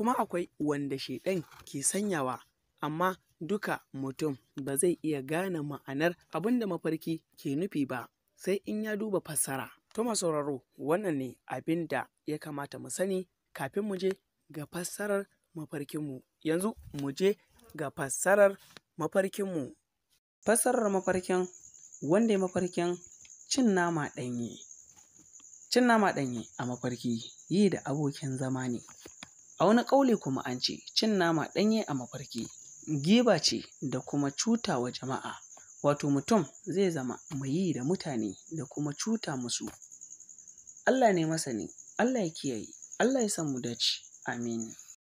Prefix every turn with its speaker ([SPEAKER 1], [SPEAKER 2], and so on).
[SPEAKER 1] kuma akwai wanda shaiɗan ke sanyawa amma duka mutum ba zai iya gane ma'anar abin da mafarki ke nufi ba sai in ya duba fassara. to sauraro wannan ne abin da ya kamata mu sani kafin mu je ga fassarar mafarkinmu. Yanzu mu je ga fassarar mafarkinmu. Fassarar mafarkin wanda mafarkin cin nama ɗanye. Cin nama ɗanye a mafarki yi da abokin zama ne. A wani ƙauli kuma an ce cin nama ɗanye a mafarki giba ce da kuma cuta wa jama'a, wato mutum zai zama mai yi da mutane da kuma cuta musu. Allah ne masani, Allah ya kiyaye, Allah ya san mu dace, amin.